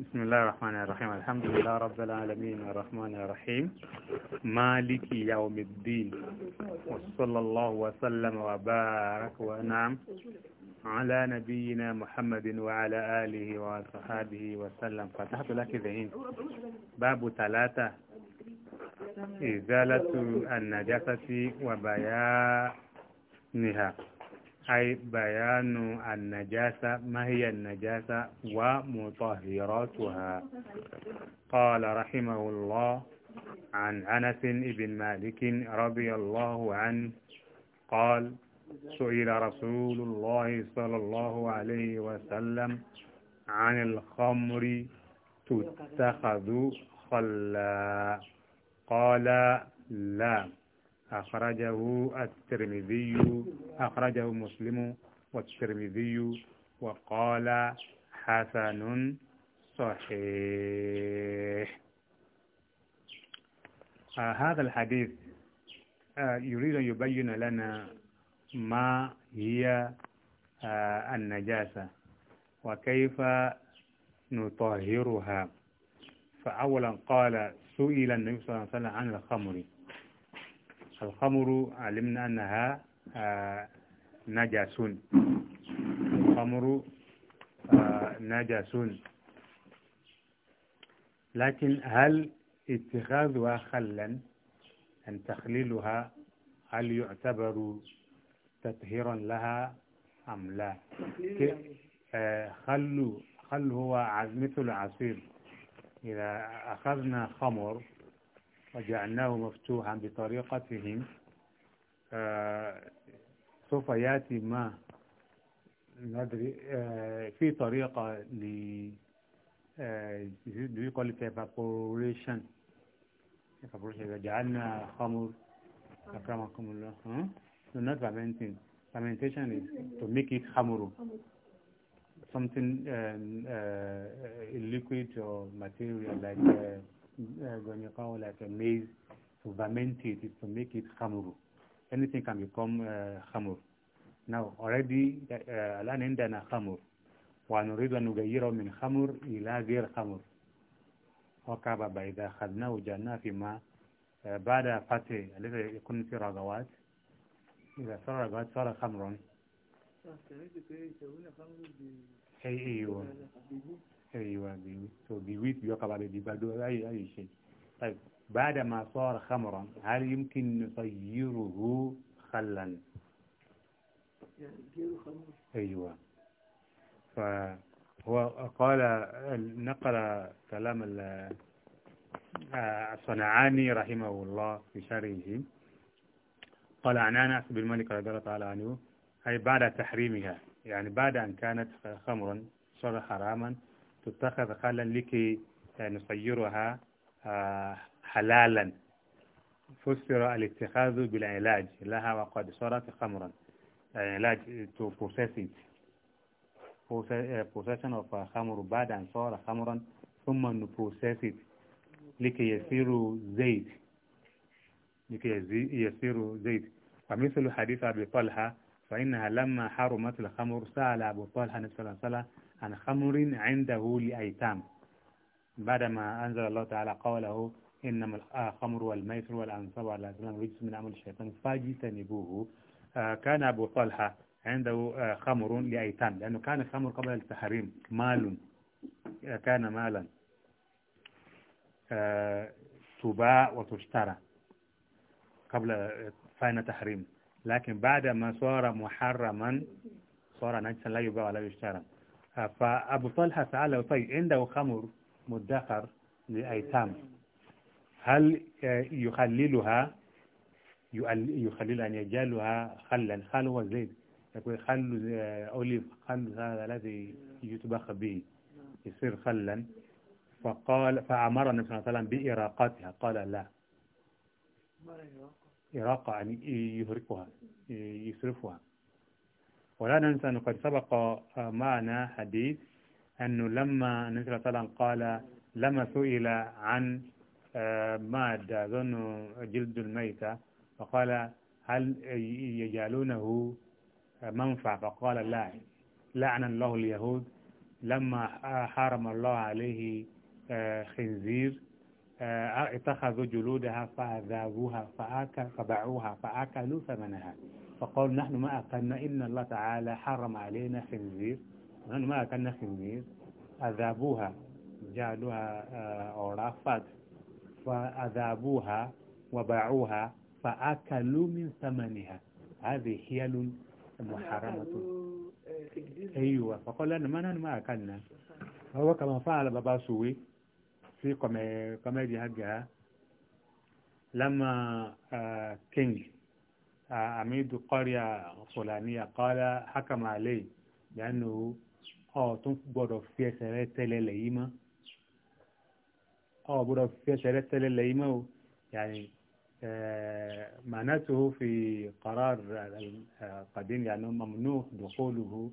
بسم الله الرحمن الرحيم الحمد لله رب العالمين الرحمن الرحيم مالك يوم الدين وصلى الله وسلم وبارك ونعم على نبينا محمد وعلى آله وصحابه وسلم فتحت لك ذهين باب ثلاثة إزالة النجاسة وبيانها أي بيان النجاسة ما هي النجاسة ومطهراتها قال رحمه الله عن أنس بن مالك رضي الله عنه قال سئل رسول الله صلى الله عليه وسلم عن الخمر تتخذ خلا قال لا أخرجه الترمذي أخرجه مسلم والترمذي وقال حسن صحيح آه هذا الحديث آه يريد أن يبين لنا ما هي آه النجاسة وكيف نطهرها فأولا قال سئل النبي صلى الله عليه وسلم عن الخمر الخمر علمنا أنها آه، نجاسون الخمر آه، نجاسون لكن هل اتخاذها خلا أن تخليلها هل يعتبر تطهيرا لها أم لا خل يعني. آه، خل هو مثل عصير إذا أخذنا خمر وجعلناه مفتوحا بطريقتهم سوف يأتي ما ندري في طريقة ل يقول it evaporation evaporation جعلنا خمر أكرمكم الله ها no not fermenting fermentation is to make it خمر something um, uh, liquid or material like uh, kwenye kao la maize to ferment it to make it khamuru anything can become uh, khamur now already uh, alan endana khamur wa nurid an nughayyira min khamur ila ghayr khamur wakaba baida khadna wajanna fi ma uh, baada fate a yakun fi ragawat اذا صار ragawat صار خمرا أيوه. ايوه بعد اي اي شيء طيب بعد ما صار خمرا هل يمكن نصيره خلا يعني ايوه فهو قال نقل كلام آه، الصنعاني رحمه الله في شرحه قال عن انس بن مالك رضي الله تعالى عنه اي بعد تحريمها يعني بعد ان كانت خمرا صار حراما تتخذ خالا لكي آه، نصيرها آه، حلالا فسر الاتخاذ بالعلاج لها وقد صارت خمرا علاج to process it possession آه، of خمر بعد أن صار خمرا ثم نبروسيس it لكي يصير زيت لكي يصير زيت ومثل حديث أبي طلحة فإنها لما حرمت الخمر سأل أبو طلحة نسال صلى الله عليه وسلم عن خمر عنده لأيتام بعدما أنزل الله تعالى قوله إنما الخمر والميسر والأنصاب والأزلام رجس من عمل الشيطان فاجتنبوه آه، كان أبو طلحة عنده آه، خمر لأيتام لأنه كان الخمر قبل التحريم مال آه، كان مالا تباع وتشترى قبل فان تحريم لكن بعد ما صار محرما صار نجسا لا يباع ولا يشترى فأبو طلحة سأله طيب عنده خمر مدخر للأيتام هل يخللها يخلل أن يجعلها خلا خل هو زيد يقول خل آه، أوليف خل هذا الذي يطبخ به يصير خلا فقال فأمر النبي صلى الله عليه وسلم بإراقتها قال لا إراقة يعني يهرقها يصرفها ولا ننسى أنه قد سبق آه، معنا حديث أنه لما النبي صلى الله عليه وسلم قال لما سئل عن آه، مادة أظن جلد الميتة فقال هل يجعلونه منفع فقال لا لعن الله اليهود لما حرم الله عليه آه، خنزير اتخذوا جلودها فذابوها فأكل فباعوها فأكلوا ثمنها فقالوا نحن ما أكلنا إن الله تعالى حرم علينا خنزير نحن ما أكلنا خنزير أذابوها جعلوها آه، أورافات فأذابوها وباعوها فأكلوا من ثمنها هذه حيل محرمة أيوة فقال لنا ما نحن ما أكلنا هو كما فعل بابا سوي في قميدي حقها لما آه، كينج عميد قرية فلانية قال حكم عليه لأنه اه تنقبض في سرات لليمة اه بض في سرات لليمة يعني آه، معناته في قرار قديم يعني ممنوع دخوله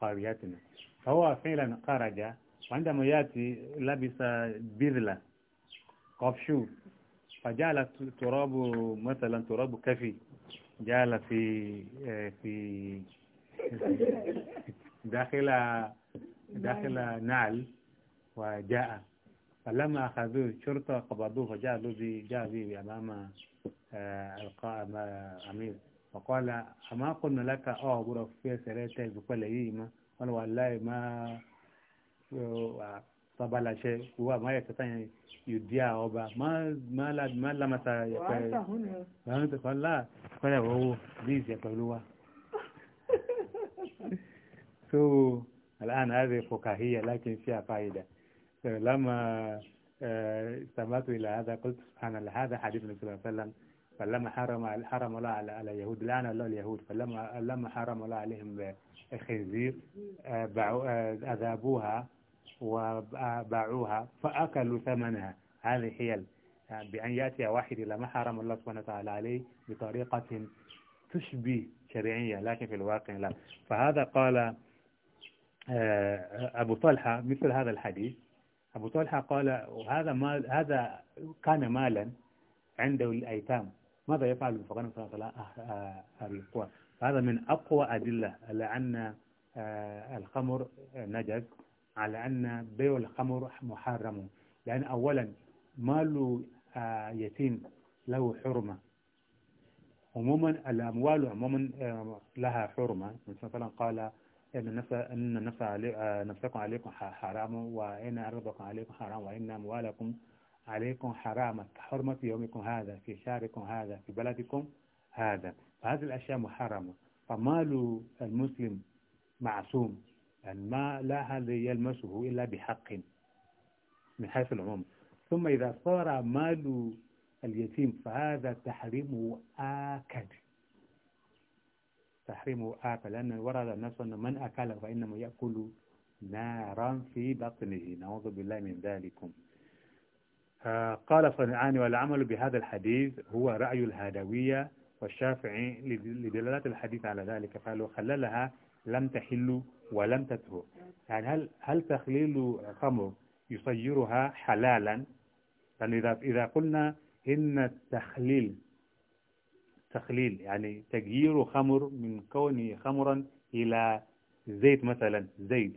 قريتنا فهو فعلا خرج وعندما يأتي لبس بذلة قفشو فجعل تراب مثلا تراب كفي جال في في داخل داخل نعل وجاء فلما أخذوه الشرطة قبضوه فجاء به جاء به أمام القائم أمير فقال أما قلنا لك أه غرف في سريتك بكل إيمة قال والله ما bàbá làṣẹ wà má yẹ kẹta yẹn yòdì à ọba má lámàtà yẹpẹ àwọn tó kàn láà kọ́lẹ̀ wọ́wọ́ bí ìsẹ̀ pẹ̀lú wa. so الآن هذه فكاهية لكن فيها فائدة لما استمعت إلى هذا قلت سبحان الله هذا حديث النبي صلى الله عليه وسلم فلما حرم حرم الله على اليهود لعن الله اليهود فلما لما حرم الله عليهم الخنزير أذابوها وباعوها فأكلوا ثمنها هذه حيل بأن يأتي واحد إلى ما حرم الله سبحانه وتعالى عليه بطريقة تشبه شرعية لكن في الواقع لا فهذا قال آه، أبو طلحة مثل هذا الحديث أبو طلحة قال وهذا مال هذا كان مالا عنده الأيتام ماذا يفعل بالفقراء صلى الله عليه وسلم هذا من أقوى أدلة على أن آه، الخمر نجس على أن بيع الخمر محرم لأن أولا مال آه، يتيم له حرمة عموما الأموال عموما آه، لها حرمة مثلا قال إن نفس إن آه، نفسكم عليكم حرام وإن أرضكم عليكم حرام وإن أموالكم عليكم حرام في يومكم هذا في شهركم هذا في بلدكم هذا فهذه الأشياء محرمة فمال المسلم معصوم يعني ما لا أحد يلمسه إلا بحق من حيث العموم ثم إذا صار مال اليتيم فهذا تحريمه آكد تحريمه آكد لأن ورد النص أن من أكل فإنما يأكل نارا في بطنه نعوذ بالله من ذلكم آه، قال صنعاني والعمل بهذا الحديث هو رأي الهادوية والشافعي لدلالة الحديث على ذلك فلو خللها لم تحل ولم تتهو يعني هل هل تخليل خمر يصيرها حلالا يعني إذا إذا قلنا إن التخليل تخليل يعني تغيير خمر من كونه خمرا إلى زيت مثلا زيت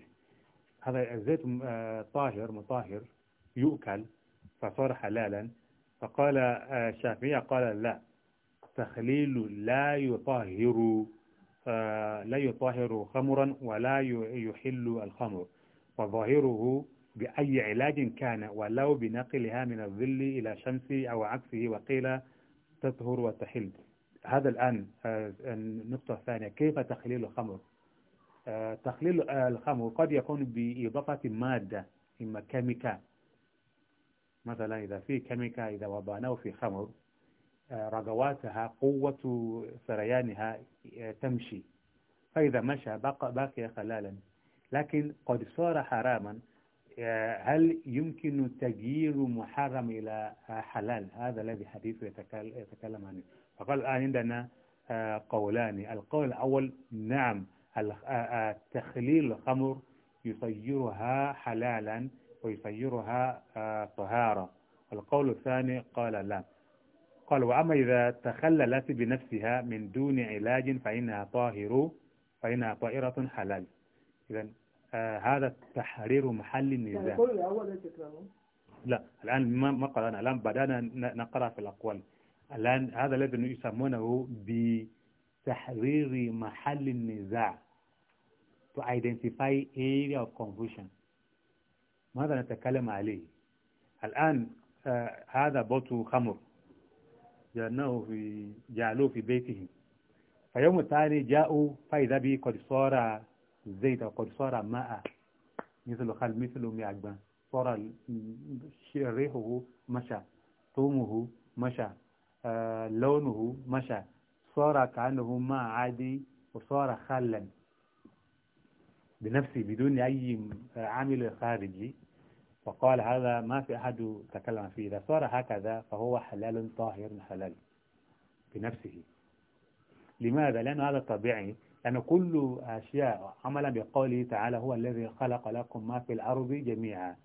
هذا الزيت آه، طاهر مطهر يؤكل فصار حلالا فقال آه، الشافعية قال لا تخليل لا يطهر فلا يطهر خمرا ولا يحل الخمر وظاهره بأي علاج كان ولو بنقلها من الظل إلى شمس أو عكسه وقيل تطهر وتحل هذا الآن آه، آه، النقطة الثانية كيف تخليل الخمر آه، تخليل الخمر قد يكون بإضافة مادة إما كيميكا مثلا إذا في كيميكا إذا وضعناه في خمر آه، رجواتها قوة سريانها آه، تمشي فإذا مشى باقي خلالا لكن قد صار حراما آه، هل يمكن تغيير محرم إلى حلال هذا الذي حديث يتكلم عنه فقال الآن عندنا قولان القول الأول نعم تخليل الخمر يصيرها حلالا ويصيرها طهارة القول الثاني قال لا قال وأما إذا تخللت بنفسها من دون علاج فإنها طاهر فإنها طائرة حلال إذا آه هذا تحرير محل النزاع يعني لا الآن ما قرأنا الآن بدأنا نقرأ في الأقوال الآن هذا الذي يسمونه بتحرير محل النزاع to identify area of confusion ماذا نتكلم عليه الآن آه هذا بوت خمر جعلناه في جعلوه في بيته فيوم الثاني جاءوا فإذا به قد صار زيت وقد صار ماء مثل خل مثل ميعجبان صار ريحه مشى ثومه مشى آه لونه مشى صار كأنه ماء عادي وصار خلا بنفسه بدون أي عامل خارجي وقال هذا ما في أحد تكلم فيه إذا صار هكذا فهو حلال طاهر حلال بنفسه لماذا؟ لأن هذا طبيعي لأن كل أشياء عملا بقوله تعالى هو الذي خلق لكم ما في الأرض جميعا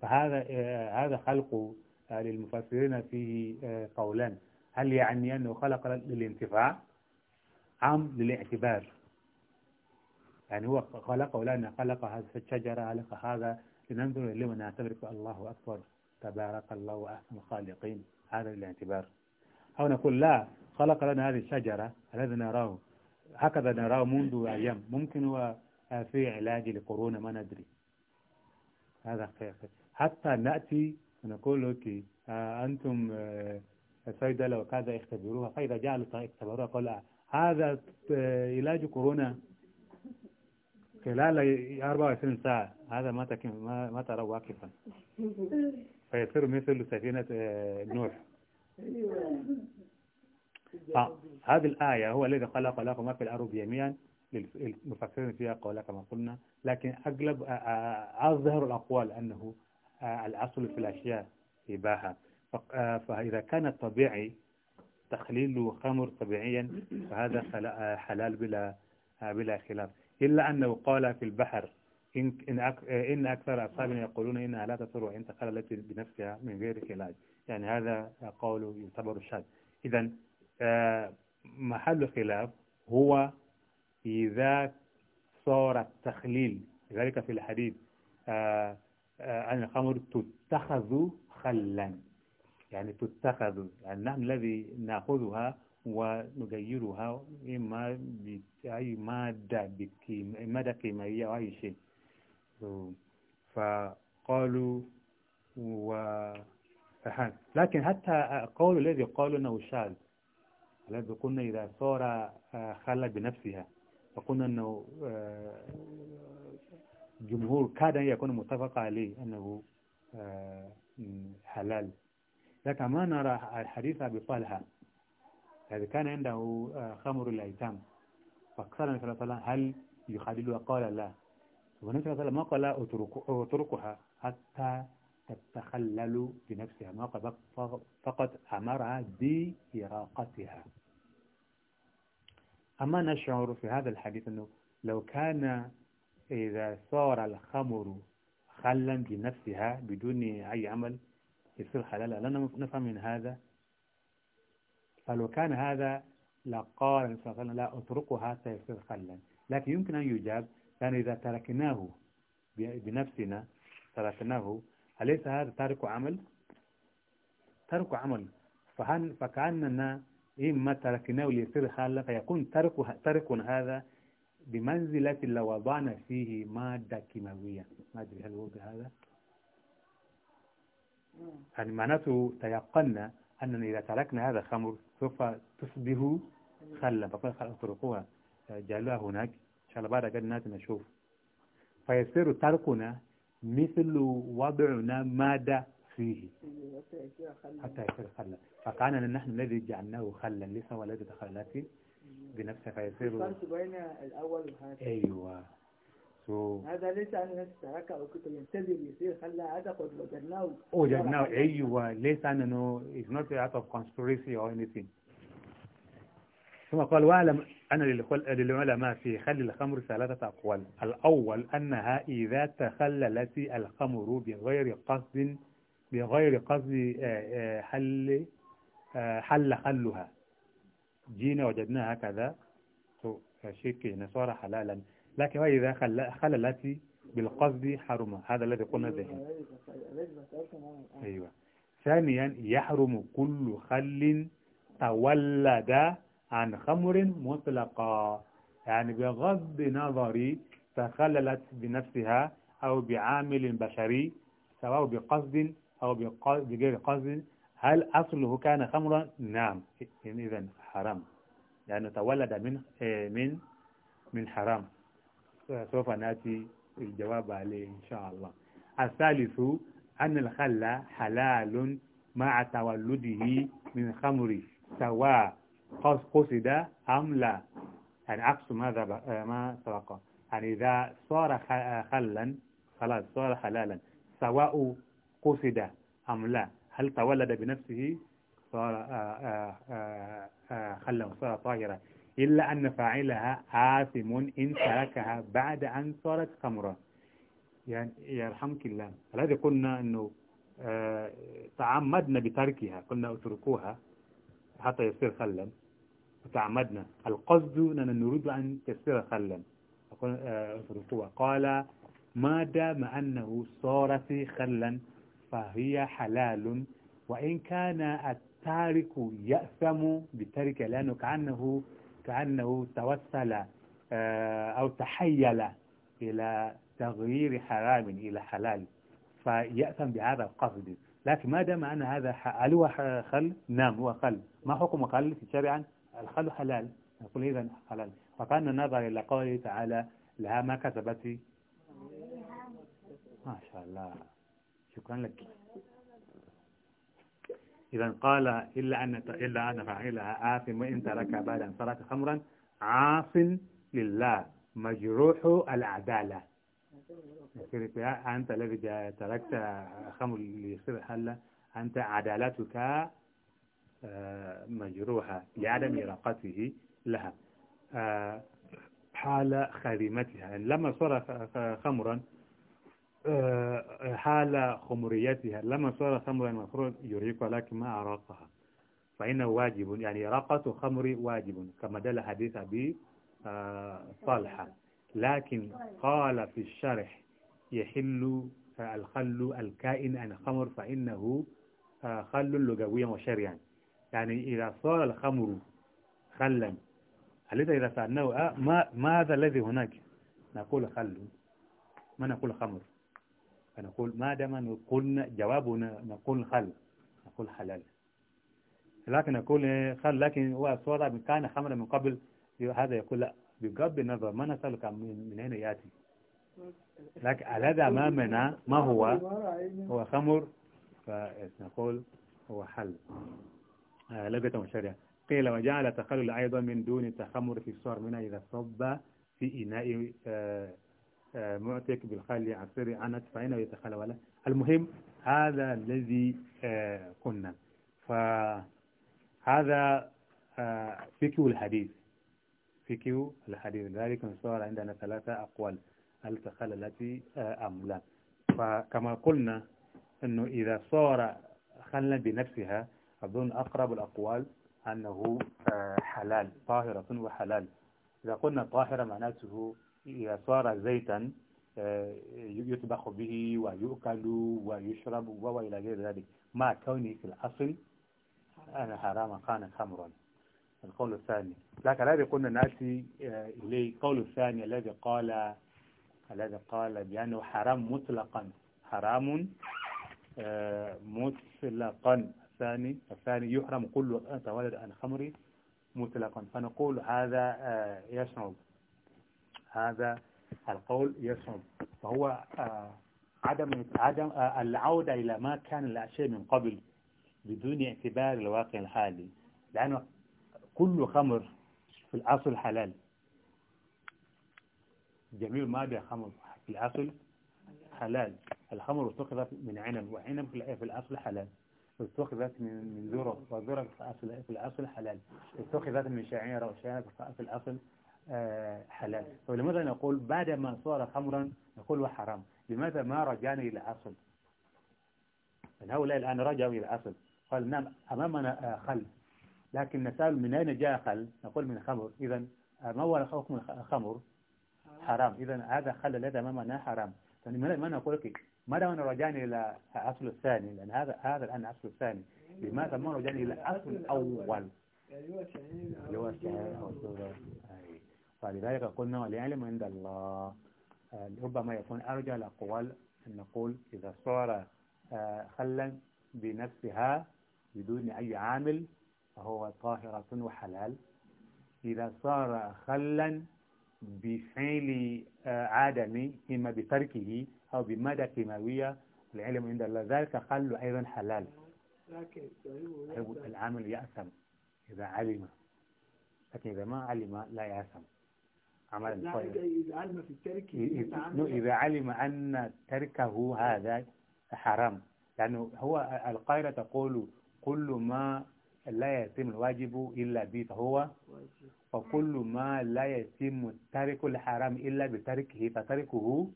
فهذا آه، هذا خلق آه، للمفسرين فيه آه، قولا هل يعني أنه خلق للانتفاع أم للاعتبار يعني هو خلقه لأنه خلق هذه الشجرة خلق هذا لننظر اليوم ونعتبر الله أكبر تبارك الله وأحسن الخالقين هذا الاعتبار أو نقول لا خلق لنا هذه الشجرة الذي نراه هكذا نراه منذ أيام ممكن هو في علاج لكورونا ما ندري هذا خير حتى نأتي ونقول أوكي آه، أنتم السيدة آه، لو كذا اختبروها فإذا جعلوا اختبروها قال آه، هذا علاج كورونا خلال 24 ساعة هذا ما تكن ما, ما ترى واقفا فيصير مثل سفينة آه، نوح أيوة. آه. هذه الآية هو الذي خلق لكم ما في الأرض جميعا المفسرين فيها قولا كما قلنا لكن أغلب آه، آه، أظهر الأقوال أنه الأصل في الأشياء إباحة فإذا كان طبيعي تخليل خمر طبيعيا فهذا حلال بلا بلا خلاف إلا أنه قال في البحر إن أكثر أصحابنا يقولون إنها لا تصل وإن تخللت بنفسها من غير خلاج يعني هذا قول يعتبر الشاذ إذا آه، محل خلاف هو إذا صار التخليل ذلك في الحديث أن آه، آه، الخمر تتخذ خلا يعني تتخذ يعني نحن نعم الذي نأخذها ونغيرها إما بأي مادة مادة كيميائية أو أي شيء فقالوا و لكن حتى قول الذي قالوا أنه شاذ الذي قلنا إذا صار آه، خلى بنفسها فقلنا أنه آه، جمهور كاد أن يكون متفق عليه أنه آه، حلال لكن ما نرى الحديث بطلحة هذا كان عنده آه، خمر الأيتام فقال النبي صلى الله عليه وسلم هل يخللها قال لا والنبي صلى الله عليه وسلم ما قال اتركها حتى تتخلل بنفسها ما قال فقط أمرها بإراقتها أما نشعر في هذا الحديث أنه لو كان إذا صار الخمر خلا بنفسها بدون أي عمل يصير حلالا لن نفهم من هذا فلو كان هذا لقال قال صلى لا أتركها حتى يصير خلا لكن يمكن أن يجاب يعني إذا تركناه بنفسنا تركناه أليس هذا تارك عمل ترك عمل فهل فكأننا إما تركناه ليصير خلا فيكون ترك ترك هذا بمنزلة لو وضعنا فيه مادة كيماوية ما أدري هل هو هذا يعني معناته تيقنا أننا إذا تركنا هذا الخمر سوف تصبح خلا فقال طرقوها جعلوها هناك إن شاء الله بعد قد ناتي نشوف فيصير تركنا مثل وضعنا ماذا فيه حتى يصير خلا فكأننا نحن الذي جعلناه خلا ليس هو الذي فيه بنفسه فيصير الفرق بين الأول والثاني أيوه هذا ليس أن نستحق أو كنت ينتظر يصير خلى هذا قد وجدناه وجدناه oh, أيوة ليس أنه it's not a اوف of conspiracy or anything ثم قال واعلم أنا للعلماء في خل الخمر ثلاثة أقوال الأول أنها إذا تخللت الخمر بغير قصد بغير قصد آه، آه، حل آه، حل خلها جينا وجدناها كذا شيك صار حلالا لكن وإذا خللت بالقصد حرم هذا الذي قلنا به أيوة،, أيوة،, أيوة،, آه. أيوة ثانيا يحرم كل خل تولد عن خمر مطلقا يعني بغض نظر تخللت بنفسها أو بعامل بشري سواء بقصد أو بغير قصد هل أصله كان خمرا؟ نعم إذا حرام يعني تولد من إيه، من من حرام سوف نأتي الجواب عليه إن شاء الله الثالث أن الخل حلال مع تولده من خمر سواء قصد أم لا يعني عكس ماذا ما سبق يعني إذا صار خلا خلاص صار حلالا سواء قصد أم لا هل تولد بنفسه صار آه، آه، آه، خلا وصار طاهرا إلا أن فاعلها آثم إن تركها بعد أن صارت خمرا يعني يرحمك الله الذي قلنا أنه آه، تعمدنا بتركها قلنا اتركوها حتى يصير خلا وتعمدنا القصد أننا نريد أن تصير خلا آه، اتركوها قال ما دام أنه صارت خلا فهي حلال وإن كان التارك يأثم بتركها لأنه كأنه كأنه توسل آه، أو تحيل إلى تغيير حرام إلى حلال فيأثم بهذا القصد لكن ما دام أن هذا هل هو خل؟ نعم هو خل ما حكم خل في شرعا؟ الخل حلال نقول إذا حلال فكان النظر إلى قوله تعالى لها ما كسبت ما شاء الله شكرا لك إذا قال إلا أن إلا أن فاعلها آثم وإن ترك بعد أن ترك خمرا عاص لله مجروح العدالة أنت الذي تركت خمر ليصير حلا أنت عدالتك آه، مجروحة لعدم إراقته لها آه، حال خريمتها لما صار خمرا حال خمريتها لما صار خمرا المفروض يريق لكن ما أراقها فإنه واجب يعني راقة خمر واجب كما دل حديث أبي صالحة آه، لكن قال في الشرح يحل الخل الكائن عن الخمر فإنه آه، خل لغويا وشرعا يعني إذا صار الخمر خلا حليت إذا سألناه آه، ما ماذا الذي هناك نقول خل ما نقول خمر فنقول ما دام نقول جوابنا نقول خل نقول حلال لكن نقول خل لكن هو صورة كان خمرا من قبل هذا يقول لا بغض النظر ما نسألك من أين يأتي لكن هذا أمامنا ما هو هو خمر فنقول هو حل آه لغة قيل وجعل تخلل أيضا من دون التخمر في الصور منها إذا صب في إناء آه، معتك بالخالي عن سري عنك فإنه يتخلى المهم هذا الذي آه، قلنا فهذا آه، فيكيو الحديث فيكيو الحديث ذلك صار عندنا ثلاثة أقوال هل تخلى التي آه، أم لا فكما قلنا أنه إذا صار خلا بنفسها أظن أقرب الأقوال أنه حلال طاهرة وحلال إذا قلنا طاهرة معناته إذا صار زيتا آه، يطبخ به ويؤكل ويشرب وإلى غير ذلك مع كونه في الأصل أنا حرام كان خمرا القول الثاني لكن الذي قلنا نأتي آه، إليه قول الثاني الذي قال الذي قال بأنه حرام مطلقا حرام آه، مطلقا الثاني الثاني يحرم كل أن تولد عن خمر مطلقا فنقول هذا يشعر هذا القول يصعب فهو آه، عدم عدم آه، العودة إلى ما كان الأشياء من قبل بدون اعتبار الواقع الحالي لأنه كل خمر في الأصل حلال جميع مادة خمر في الأصل حلال الخمر اتخذت من عنب وعنب في الأصل حلال اتخذت من ذرة وذرة في الأصل في الأصل حلال اتخذت من شعيرة وشعيرة في الأصل آه، حلال فلماذا نقول بعدما صار خمرا نقول حرام لماذا ما رجعنا إلى الأصل هؤلاء الآن رجعوا إلى الأصل قال نعم أمامنا آه، خل لكن نسأل من أين جاء خل نقول من خمر إذا ما هو حكم الخمر حرام إذا هذا خل الذي أمامنا حرام فلماذا يعني ما نقول لك ما دام رجعنا إلى الأصل الثاني لأن هذا هذا الآن الأصل الثاني لماذا ما رجعنا إلى الأصل الأول يعني اللي هو الشهير فلذلك قلنا والعلم عند الله آه، ربما يكون أرجى الأقوال أن نقول إذا صار آه، خلا بنفسها بدون أي عامل فهو طاهرة وحلال إذا صار خلا بفعل آه، عدمي إما بتركه أو بمادة كيماوية العلم عند الله ذلك خل أيضا حلال لكن العامل يأثم إذا علم لكن إذا ما علم لا يأثم عمل طيب إذا علم في الترك إذا علم أن تركه هذا حرام لأنه يعني هو القاعدة تقول كل ما لا يتم الواجب إلا به فهو وكل ما لا يتم ترك الحرام إلا بتركه فتركه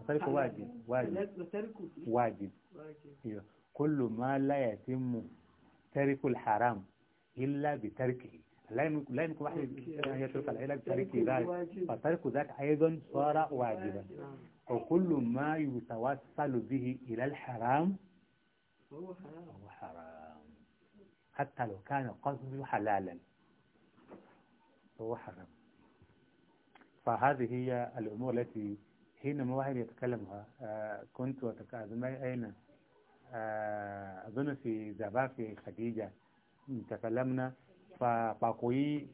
فتركه واجب واجب واجب إيه. كل ما لا يتم ترك الحرام إلا بتركه لا يمكن واحد أن يترك العلاج بترك ذلك فترك ذلك أيضا صار واجبا نعم. وكل ما يتوصل به إلى الحرام هو حرام, حتى لو كان قصده حلالا هو حرام فهذه هي الأمور التي حينما واحد يتكلمها آه، كنت أتكلم أين آه، أظن في زبافي خديجة تكلمنا فباقوي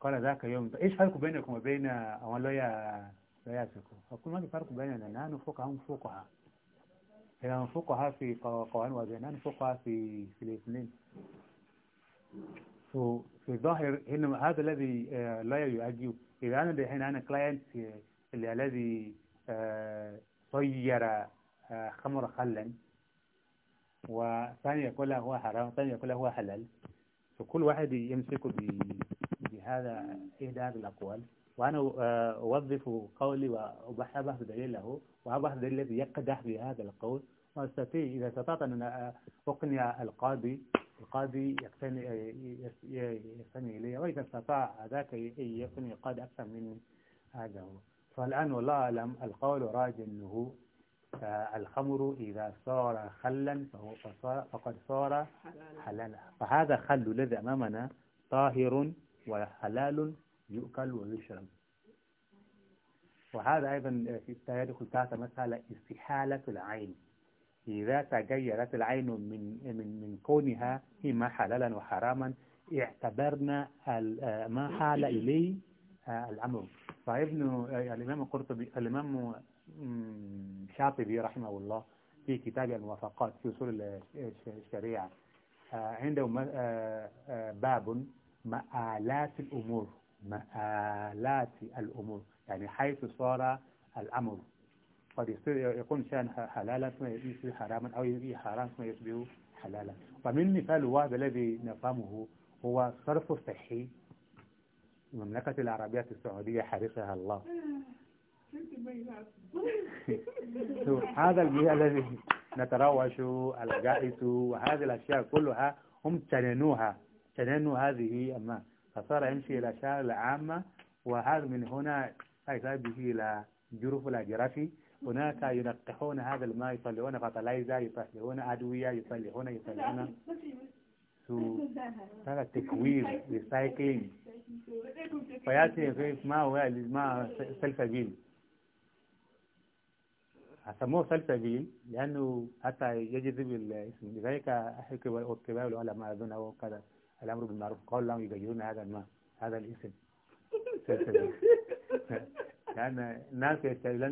قال ذاك يوم ايش فرق بينكم وبين اولياء رئاسكم فقلنا ما في فرق بيننا نحن فقهاء فقهاء هي فقهاء في قوانين وبيننا فقهاء في في الاثنين so في الظاهر هنا هذا الذي لا يؤجل إذا أنا الحين أنا كلاينت اللي الذي طير خمر خلا وثاني يقول له هو حرام وثاني يقول له هو حلال فكل واحد يمسك بهذا إحدى هذه الأقوال وأنا آه، أوظف قولي وأبحث دليله وأبحث دليل الذي يقدح بهذا القول وأستطيع إذا استطعت أن آه، أقنع القاضي القاضي يقتني آه، يقتني إلي وإذا استطاع ذاك يقتني القاضي أكثر مني هذا هو فالآن والله أعلم القول راجع أنه فالخمر إذا صار خلا فهو فقد صار حلالا فهذا خل الذي أمامنا طاهر وحلال يؤكل ويشرب وهذا أيضا في يدخل تحت مسألة استحالة العين إذا تغيرت العين من من من كونها إما حلالا وحراما اعتبرنا ما حال إليه الأمر فابن الإمام القرطبي الإمام الشاطبي رحمه الله في كتاب الموافقات في أصول الشريعة آه، عنده آه، آه، باب مآلات الأمور مآلات الأمور يعني حيث صار الأمر قد يصير يكون شان حلالا ثم يصبح حراما أو يصبح حرام ثم يصبح حلالا فمن مثال واحد الذي نفهمه هو صرف الصحي المملكة العربية السعودية حرسها الله هذا الجهة الذي نتروش الجائس وهذه الأشياء كلها هم تننوها شننوا هذه أما فصار يمشي إلى الأشياء العامة وهذا من هنا به إلى جروف الأجرافي هناك ينقحون هذا الماء يصلحون فتلايزا يصلحون أدوية يصلحون يصلحون هذا تكوير ريسايكلينج فياتي ما هو ما سلفجين هسموه فلسفيين لأنه حتى يجذب الاسم لذلك إيه، أحكي والطباء والعلماء أذن وكذا الأمر بالمعروف قال لهم يغيرون هذا الماء هذا الاسم لأن الناس يستعملون